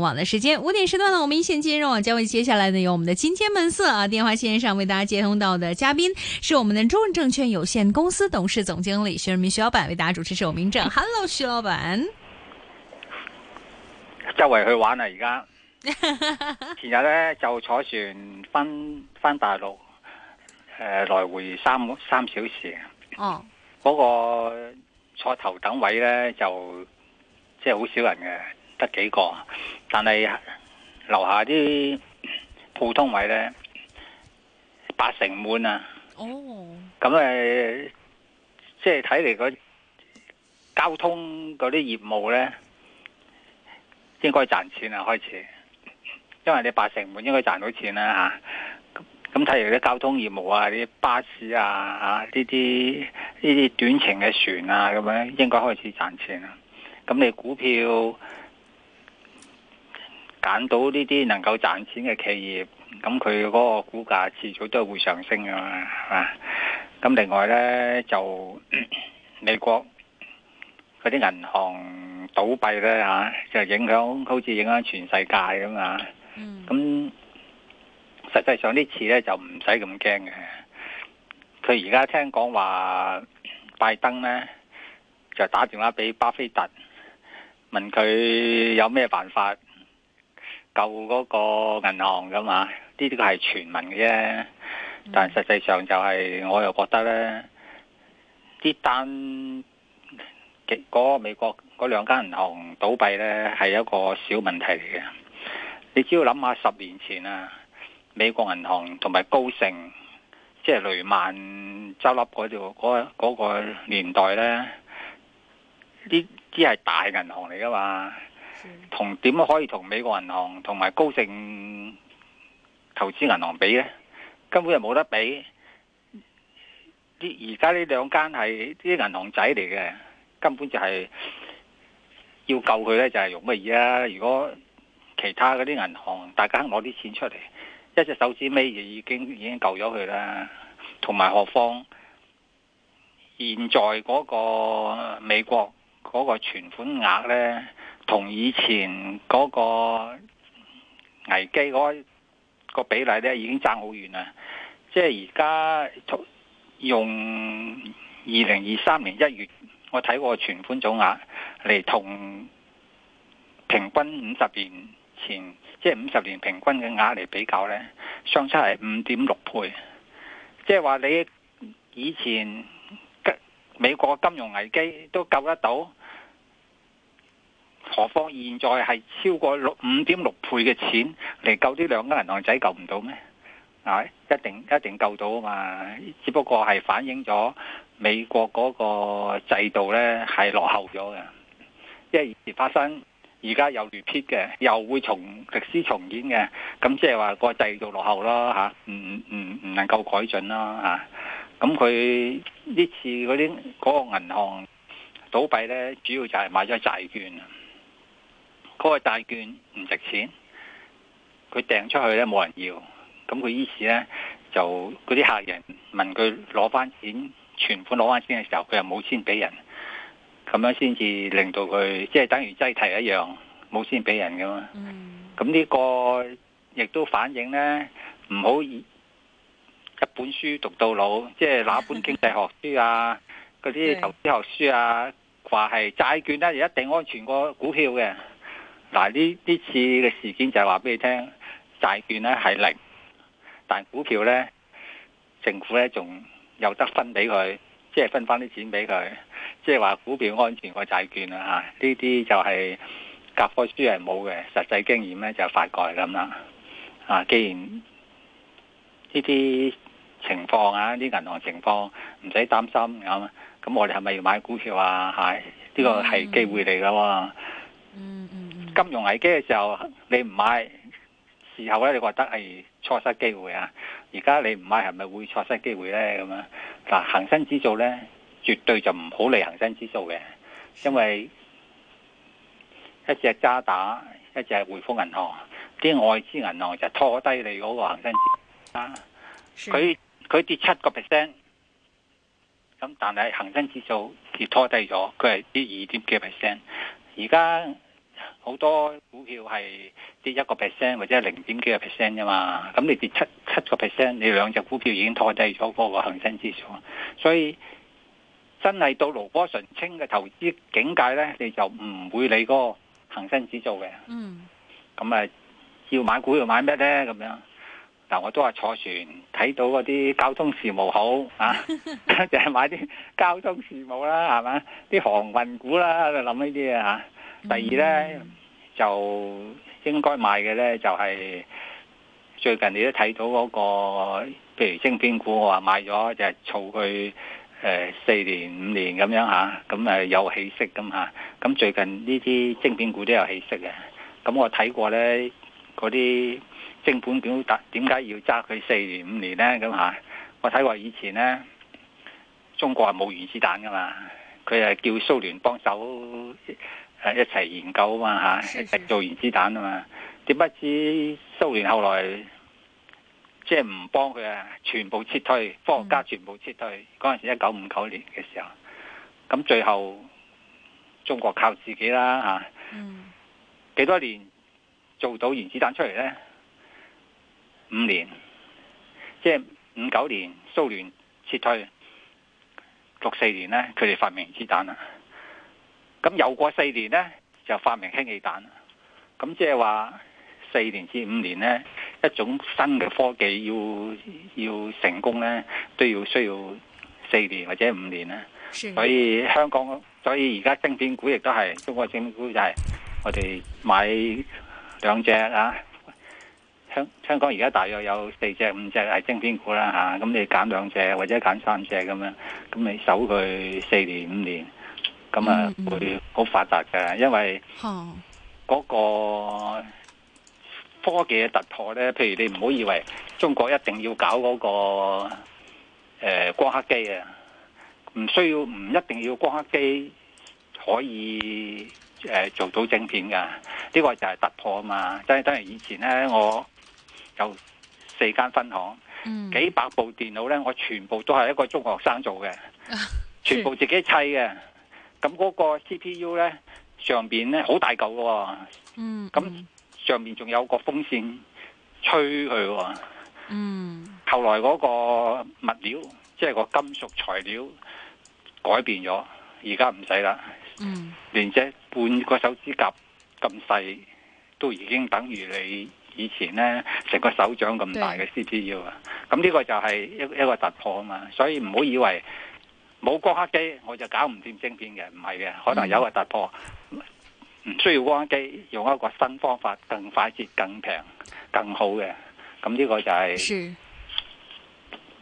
網的時間五點時段呢，我們一線金融網將會接下來呢，有我們的今天悶色啊電話線上為大家接通到的嘉賓是我們的中銀證券有限公司董事總經理徐潤民、徐老闆為大家主持，我係名正。Hello，徐老闆，周圍去玩啊！而家 前日呢，就坐船返返大陸，誒、呃、來回三三小時。哦，嗰個坐頭等位呢，就即係好少人嘅。得幾個，但係樓下啲普通位呢，八成滿啊！咁誒、嗯，即係睇嚟，嗰交通嗰啲業務呢，應該賺錢啦開始，因為你八成滿應該賺到錢啦吓。咁睇嚟啲交通業務啊，啲巴士啊，啊呢啲呢啲短程嘅船啊，咁樣應該開始賺錢啦。咁、嗯、你股票？揀到呢啲能夠賺錢嘅企業，咁佢嗰個股價遲早都係會上升噶嘛，係、啊、咁另外呢，就美國嗰啲銀行倒閉呢吓，就影響好似影響全世界噶啊，咁、嗯、實際上呢次呢，就唔使咁驚嘅。佢而家聽講話拜登呢，就打電話俾巴菲特，問佢有咩辦法。舊嗰個銀行噶嘛？呢啲係全民嘅啫，但係實際上就係、是、我又覺得呢啲單幾嗰美國嗰兩間銀行倒閉呢，係一個小問題嚟嘅。你只要諗下十年前啊，美國銀行同埋高盛，即、就、係、是、雷曼執笠嗰度嗰嗰個年代呢，呢啲係大銀行嚟噶嘛？同點可以同美國銀行同埋高盛投資銀行比呢？根本就冇得比。啲而家呢兩間係啲銀行仔嚟嘅，根本就係要救佢呢，就係用乜嘢啦？如果其他嗰啲銀行，大家攞啲錢出嚟，一隻手指尾就已經已經夠咗佢啦。同埋何況？現在嗰個美國嗰個存款額呢？同以前嗰個危機嗰個比例呢，已經爭好遠啦。即係而家用二零二三年一月我睇過存款總額嚟，同平均五十年前，即係五十年平均嘅額嚟比較呢，相差係五點六倍。即係話你以前美國金融危機都救得到。何況現在係超過六五點六倍嘅錢嚟救啲兩間銀行仔，救唔到咩？啊，一定一定救到啊嘛！只不過係反映咗美國嗰個制度呢係落後咗嘅，即係以前發生，而家又 repeat 嘅，又會重歷史重演嘅。咁即係話個制度落後咯嚇，唔唔唔能夠改進啦啊！咁佢呢次嗰啲嗰個銀行倒閉呢，主要就係買咗債券。嗰個債券唔值錢，佢掟出去咧冇人要，咁佢於是咧就嗰啲客人問佢攞翻錢，存款攞翻錢嘅時候，佢又冇錢俾人，咁樣先至令到佢即係等於擠提一樣冇錢俾人㗎嘛。咁呢個亦都反映咧唔好一本書讀到老，即係嗰本經濟學書啊，嗰啲 投資學書啊，話係債券咧就一定安全過股票嘅。嗱，呢，呢次嘅事件就係話俾你聽，債券呢係零，但股票呢政府呢仲有得分俾佢，即係分翻啲錢俾佢，即係話股票安全過債券啦吓，啊，呢啲就係教科書係冇嘅，實際經驗呢，就反過嚟咁啦。啊，既然呢啲情況啊，啲銀行情況唔使擔心咁，咁，啊，我哋係咪要買股票啊？係呢個係機會嚟噶喎。嗯金融危機嘅時候，你唔買，事後咧你覺得係錯失機會啊！而家你唔買，係咪會錯失機會呢？咁樣，嗱，恒生指數咧絕對就唔好理恒生指數嘅，因為一隻渣打，一隻匯豐銀行，啲外資銀行就拖低你嗰個恒生指數。佢佢的跌七個 percent，咁但係恒生指數跌拖低咗，佢係跌二點幾 percent，而家。好多股票係跌一個 percent 或者零點幾個 percent 啫嘛，咁你跌七七個 percent，你兩隻股票已經拖低咗嗰個恒生指數，所以真係到爐火純青嘅投資境界咧，你就唔會理嗰個恒生指數嘅。嗯，咁啊，要買股要買咩咧？咁樣，嗱，我都話坐船睇到嗰啲交通事務好啊， 就係買啲交通事務啦，係嘛，啲航運股啦，就諗呢啲啊吓。第二呢，就應該買嘅呢，就係、是、最近你都睇到嗰、那個，譬如晶片股，我話買咗就係儲佢誒四年五年咁樣嚇，咁誒有起色咁嚇。咁最近呢啲晶片股都有起色嘅。咁我睇過呢，嗰啲晶片點點解要揸佢四年五年呢？咁嚇？我睇過以前呢，中國係冇原子彈㗎嘛，佢係叫蘇聯幫手。一齊研究啊嘛吓，一齊做原子彈啊嘛，點不是知蘇聯後來即係唔幫佢啊，全部撤退，科學家全部撤退，嗰陣、嗯、時一九五九年嘅時候，咁最後中國靠自己啦吓，幾、啊嗯、多年做到原子彈出嚟呢？五年，即係五九年蘇聯撤退，六四年呢，佢哋發明原子彈啦。咁又過四年呢，就發明氫氣彈。咁即係話四年至五年呢，一種新嘅科技要要成功呢，都要需要四年或者五年啦。了所以香港，所以而家晶片股亦都係，中國晶片股就係我哋買兩隻啊。香香港而家大約有四隻、五隻係晶片股啦吓，咁、啊、你揀兩隻或者揀三隻咁樣，咁你守佢四年五年。咁啊，會好發達嘅，因為嗰個科技嘅突破咧，譬如你唔好以為中國一定要搞嗰、那個誒、呃、光刻機啊，唔需要，唔一定要光刻機可以誒、呃、做到晶片嘅，呢、這個就係突破啊嘛！即係等於以前咧，我有四間分行，幾百部電腦咧，我全部都係一個中學生做嘅，全部自己砌嘅。 咁嗰個 C P U 咧，上邊咧好大嚿㗎、哦，嗯，咁上面仲有個風扇吹佢、哦，嗯，後來嗰個物料即係、就是、個金屬材料改變咗，而家唔使啦，嗯，連只半個手指甲咁細都已經等於你以前咧成個手掌咁大嘅 C P U 啊，咁呢對個就係一一個突破啊嘛，所以唔好以為。冇光刻機我就搞唔掂晶片嘅，唔係嘅，可能有一個突破，唔需要光刻機，用一個新方法更快捷，更平、更好嘅，咁，嗯，呢個就係。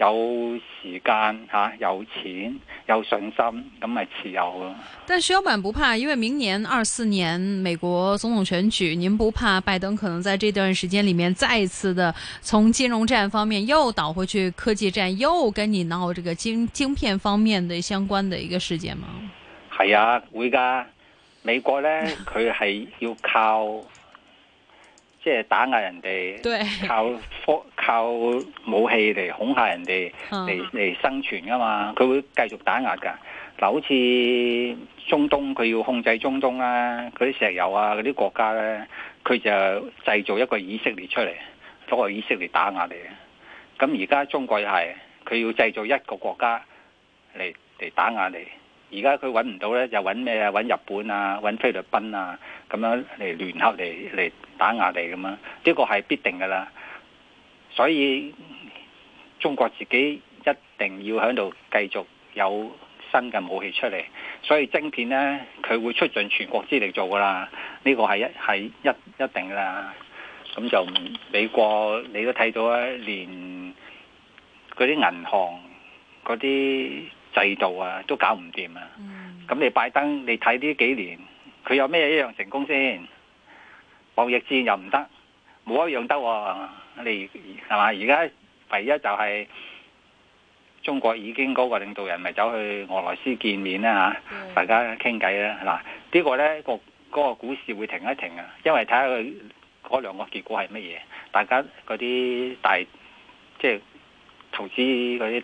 有時間嚇、啊，有錢有信心咁咪持有咯。但薛老闆不怕，因為明年二四年美國總統選舉，您不怕拜登可能在這段時間裏面再一次的從金融戰方面又倒回去科技戰，又跟你鬧這個晶晶片方面的相關的一個事件嗎？係啊，會噶。美國呢，佢係 要靠。即係打壓人哋，對 靠科靠武器嚟恐嚇人哋嚟嚟生存噶嘛？佢會繼續打壓噶。嗱，好似中東佢要控制中東啦、啊，嗰啲石油啊，嗰啲國家咧，佢就製造一個以色列出嚟，通過以色列打壓你。咁而家中國又係佢要製造一個國家嚟嚟打壓你。而家佢揾唔到呢，又揾咩啊？揾日本啊，揾菲律賓啊，咁樣嚟聯合嚟嚟打壓你咁樣！呢個係必定噶啦，所以中國自己一定要喺度繼續有新嘅武器出嚟，所以晶片呢，佢會出盡全國之力做噶啦，呢個係一係一一定噶啦。咁就美國你都睇到呀，連嗰啲銀行嗰啲。制度啊，都搞唔掂啊！咁、嗯、你拜登，你睇呢幾年，佢有咩一樣成功先？貿易戰又唔得，冇一樣得喎、啊。你係嘛？而家唯一就係中國已經嗰個領導人咪走去俄羅斯見面啦、啊、吓，嗯、大家傾偈啦嗱。呢、這個呢，個、那、嗰個股市會停一停啊，因為睇下佢嗰兩個結果係乜嘢。大家嗰啲大即係、就是、投資嗰啲。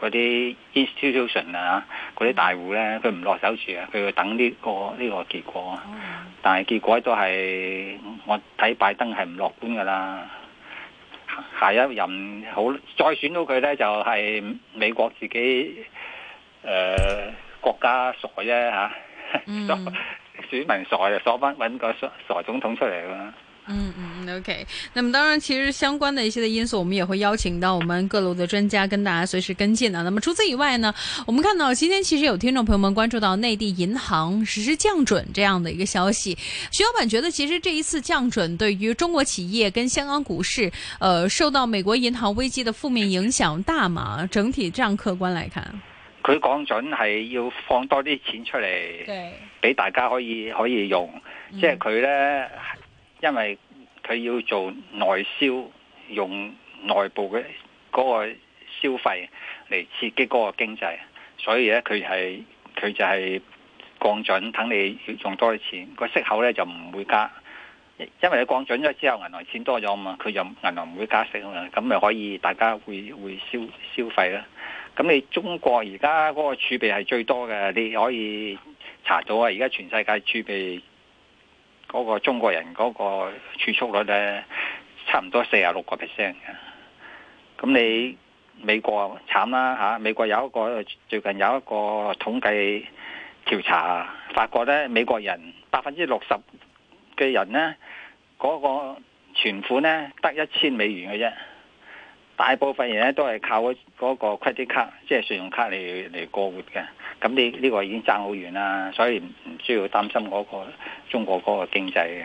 嗰啲 institution 啊，嗰啲大戶咧，佢唔落手住啊，佢要等呢、呢個呢、呢個結果。啊。但係結果都係我睇拜登係唔樂觀噶啦。下一任好再選到佢咧，就係、係、美國自己誒、呃、國家傻啫嚇，啊 mm. 選民傻就所翻揾個傻，傻總統出嚟噶。嗯嗯嗯，OK。那麼當然，其實相關的一些的因素，我們也會邀請到我們各路的專家跟大家隨時跟進啊。那麼除此以外呢，我們看到今天其實有聽眾朋友們關注到內地銀行實施降準這樣的一個消息。徐老闆覺得，其實這一次降準對於中國企業跟香港股市，呃，受到美國銀行危機的負面影響大嗎？整體這樣客觀來看，佢降準係要放多啲錢出嚟，俾對大家可以可以用，嗯、即係佢咧。因為佢要做內銷，用內部嘅嗰個消費嚟刺激嗰個經濟，所以咧佢係佢就係降準等你用多啲錢，個息口咧就唔會加，因為你降準咗之後，銀行錢多咗啊嘛，佢又銀行唔會加息啊，咁咪可以大家會會消消費啦。咁你中國而家嗰個儲備係最多嘅，你可以查到啊，而家全世界儲備。嗰個中國人嗰個儲蓄率咧，差唔多四十六個 percent 咁你美國慘啦嚇、啊，美國有一個最近有一個統計調查，發覺咧美國人百分之六十嘅人咧，嗰、那個存款咧得一千美元嘅啫。大部分人都係靠嗰嗰個 credit card，即係信用卡嚟嚟過活嘅。咁呢呢個已經爭好遠啦，所以唔需要擔心嗰、嗰個中國嗰個經濟嘅。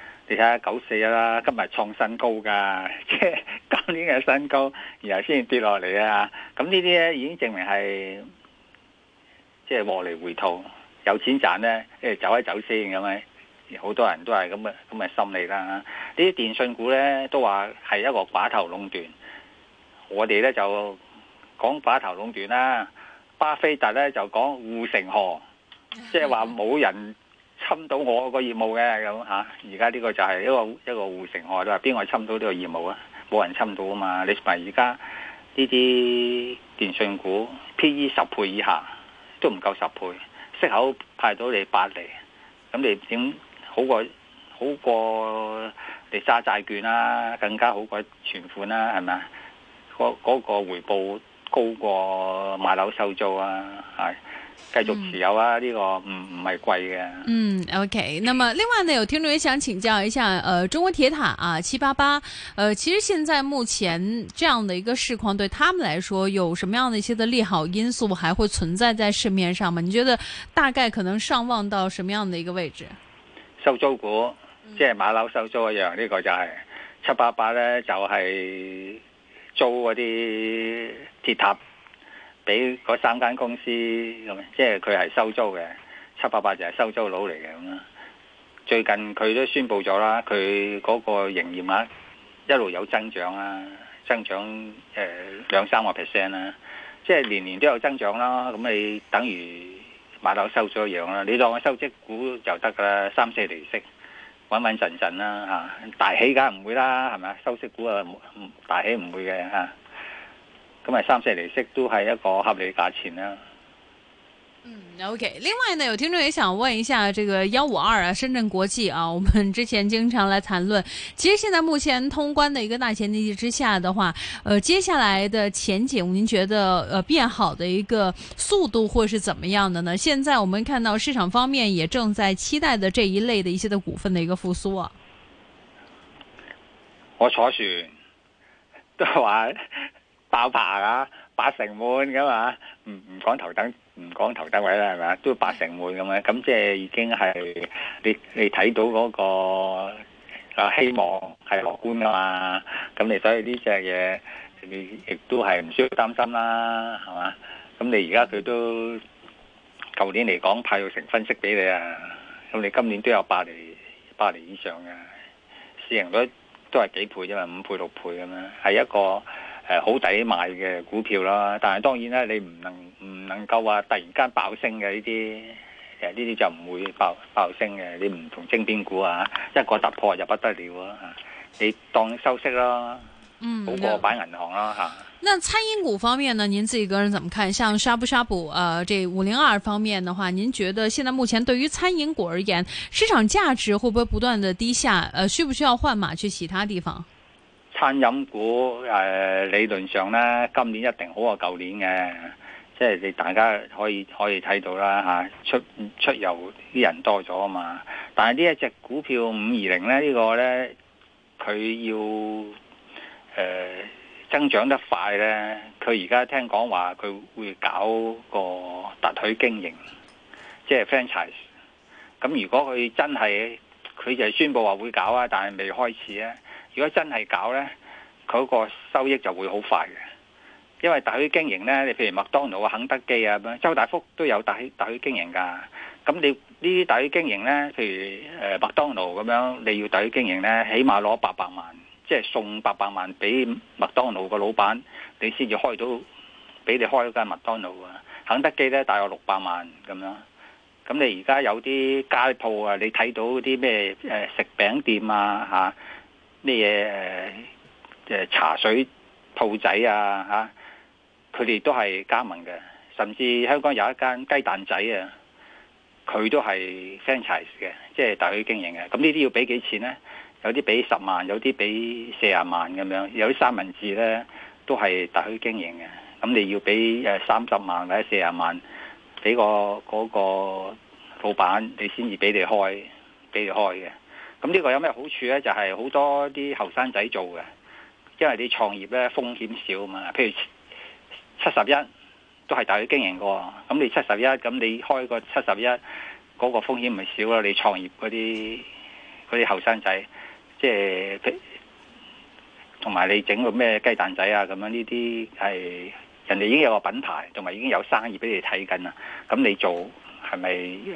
你睇下九四啦，今日創新高噶，即係今年嘅新高，然後先跌落嚟啊！咁呢啲咧，已經證明係即係獲利回吐，有錢賺咧，即係走一走先，咁咪好多人都係咁嘅咁嘅心理啦。呢啲電信股咧都話係一個寡頭壟斷，我哋咧就講寡頭壟斷啦，巴菲特咧就講護城河，即係話冇人。侵到我業、啊、個，個，個，侵到個業務嘅咁吓，而家呢個就係一個一個護城河啦。邊個侵到呢個業務啊？冇人侵到啊嘛！你咪而家呢啲電訊股 P E 十倍以下都唔夠十倍，息口派到你八厘，咁你點好過好過你揸債券啦、啊，更加好過存款啦，係咪啊？嗰嗰、嗰個回報高過買樓收租啊，係。繼續持有啊！呢、嗯、個唔唔係貴嘅。嗯，OK。那麼另外呢，有聽眾想請教一下，誒、呃，中國鐵塔啊，七八八，誒、呃，其實現在目前這樣的一個市況，對他們來說，有什麼樣的一些的利好因素還會存在在市面上嗎？你覺得大概可能上望到什麼樣的一個位置？收租股，嗯、即係馬樓收租一樣，呢、這個就係、是、七八八呢就係、是、租嗰啲鐵塔。俾嗰三間公司咁，即係佢係收租嘅，七百八就係收租佬嚟嘅咁啦。最近佢都宣布咗啦，佢嗰個營業額一路有增長啦，增長誒兩三個 percent 啦，即係年年都有增長啦。咁你等於買樓收咗一樣啦，你當我收息股就得噶啦，三四厘息穩穩陣陣啦吓，大起梗係唔會啦，係咪啊？收息股啊，大起唔會嘅吓。咁係三四厘息都係一個合理價錢啦。嗯，OK。另外呢，有聽眾也想問一下，這個幺五二啊，深圳國際啊，我們之前經常來談論。其實現在目前通關的一個大前提之下的話，呃，接下來的前景，您覺得，呃，變好的一個速度會是怎麼樣的呢？現在我們看到市場方面也正在期待的這一類的一些的股份的一個復甦啊。我坐船，都係。爆棚啊，八成滿㗎嘛，唔唔講頭等，唔講頭等位啦，係咪？都八成滿咁樣，咁即係已經係你你睇到嗰個啊希望係樂觀啊嘛。咁你所以呢隻嘢你亦都係唔需要擔心啦，係嘛？咁你而家佢都舊年嚟講派六成分析俾你啊，咁你今年都有八厘八釐以上嘅市盈率都係幾倍啫嘛，五倍六倍咁樣，係一個。誒，好抵、呃、買嘅股票啦，但係當然啦，你唔能唔能夠話、啊、突然間爆，爆升嘅呢啲，誒呢啲就唔會爆爆升嘅。你唔同精編股啊，一個突破就不得了啊！你當收息咯，好過擺銀行啦吓。那餐飲股方面呢？您自己個人怎麼看？像殺不殺補？誒、呃，這五零二方面的話，您覺得現在目前對於餐飲股而言，市場價值會不會不斷的低下？誒、呃，需不需要換馬去其他地方？餐飲股，誒、呃，理論上咧，今年一定好過舊年嘅，即係你大家可以可以睇到啦吓、啊，出出遊啲人多咗啊嘛。但係呢一隻股票五二零咧，這個、呢個咧佢要誒、呃、增長得快咧，佢而家聽講話佢會搞個特許經營，即、就、係、是、franchise。咁如果佢真係佢就係宣布話會搞啊，但係未開始咧。如果真係搞呢，佢個收益就會好快嘅，因為大區經營呢，你譬如麥當勞啊、肯德基啊咁，周大福都有大區大區經營噶。咁你呢啲大區經營呢，譬如誒麥當勞咁樣，你要大區經營呢，起碼攞八百萬，即係送八百萬俾麥當勞個老闆，你先至開到，俾你開到間麥當勞啊。肯德基呢，大約六百萬咁樣。咁你而家有啲街鋪啊，你睇到啲咩誒食餅店啊嚇？啊咩嘢？誒、呃，茶水兔仔啊，吓、啊，佢哋都係加盟嘅。甚至香港有一間雞蛋仔啊，佢都係 franchise 嘅，即係特許經營嘅。咁呢啲要俾幾錢呢？有啲俾十萬，有啲俾四十萬咁樣。有啲三文治呢都係特許經營嘅。咁你要俾誒三十萬或者四十萬俾個嗰個老闆，你先至俾你開，俾你開嘅。咁呢個有咩好處呢？就係、是、好多啲後生仔做嘅，因為你創業呢風險少嘛。譬如七十一都係大企業經營嘅，咁你七十一，咁你開個七十一，嗰個風險唔係少喇？你創業嗰啲嗰啲後生仔，即係同埋你整個咩雞蛋仔啊咁樣呢啲係人哋已經有個品牌，同埋已經有生意俾你睇緊啦。咁你做係咪誒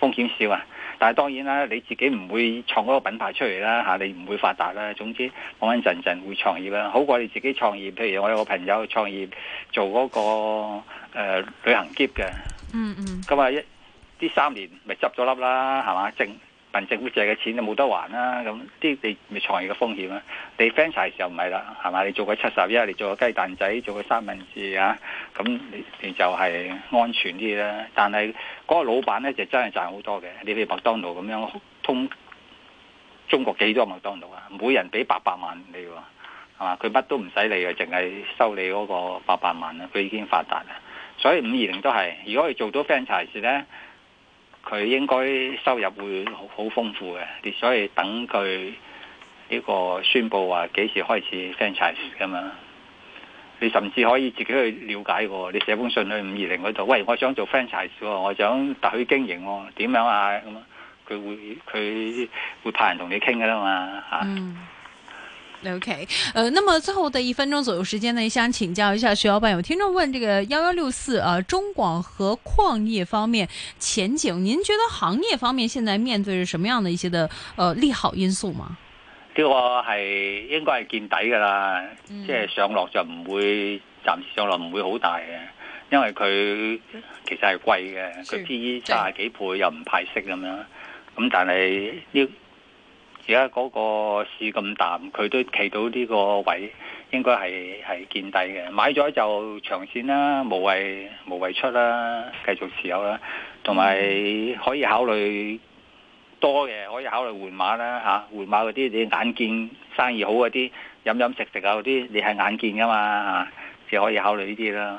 風險少啊？但係當然啦，你自己唔會創嗰個品牌出嚟啦嚇、啊，你唔會發達啦。總之穩穩陣陣會創業啦，好過你自己創業。譬如我有個朋友創業做嗰、那個、呃、旅行接嘅，嗯嗯，咁啊一啲三年咪執咗笠啦，係嘛，正。憑政府借嘅錢就冇得還啦，咁啲你咪藏住嘅風險啦。你 franchise 就唔係啦，係嘛？你做個七十一，你做個雞蛋仔，做個三文治啊，咁你你就係安全啲啦。但係嗰個老闆呢，就真係賺好多嘅，你譬如麥當勞咁樣，通中國幾多麥當勞啊？每人俾八百萬你喎，係嘛？佢乜都唔使你嘅，淨係收你嗰個八百萬啦。佢已經發達啦，所以五二零都係，如果你做到 franchise 時佢應該收入會好豐富嘅，你所以等佢呢個宣布話幾時開始 franchise 嘅嘛，你甚至可以自己去了解過，你寫封信去五二零嗰度，喂，我想做 franchise 我想特許經營喎，點樣啊？咁佢會佢會派人同你傾噶啦嘛嚇。啊嗯 OK，誒、呃，那麼最後的一分鐘左右時間呢，想請教一下徐老闆，有聽眾問這個幺幺六四啊，中廣核礦業方面前景，您覺得行業方面現在面對是什麼樣的一些的誒、呃、利好因素嗎？呢個係應該係見底噶啦，嗯、即係上落就唔會，暫時上落唔會好大嘅，因為佢其實係貴嘅，佢至就卅幾倍又唔派息咁樣，咁、嗯、但係呢，而家嗰個市咁淡，佢都企到呢個位，應該係係見底嘅。買咗就長線啦，無謂無謂出啦，繼續持有啦。同埋可以考慮多嘅，可以考慮換馬啦嚇，換馬嗰啲你眼見生意好嗰啲飲飲食食啊嗰啲，你係眼見㗎嘛，就可以考慮呢啲啦。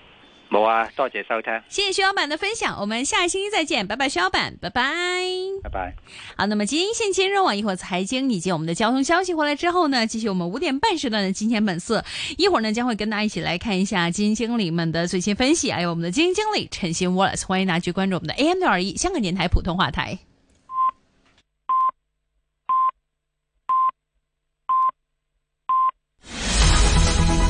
冇啊，多謝收聽。謝謝徐老闆的分享，我們下期星期再見，拜拜，徐老闆，拜拜，拜拜。好，那麼基金線金融網、一會財經以及我們的交通消息回來之後呢，繼續我們五點半時段的金錢本色，一會呢將會跟大家一起來看一下基金經理們的最新分析。還有我們的基金經理陳新 Wallace，歡迎大家去關注我們的 AM 六二一香港電台普通話台。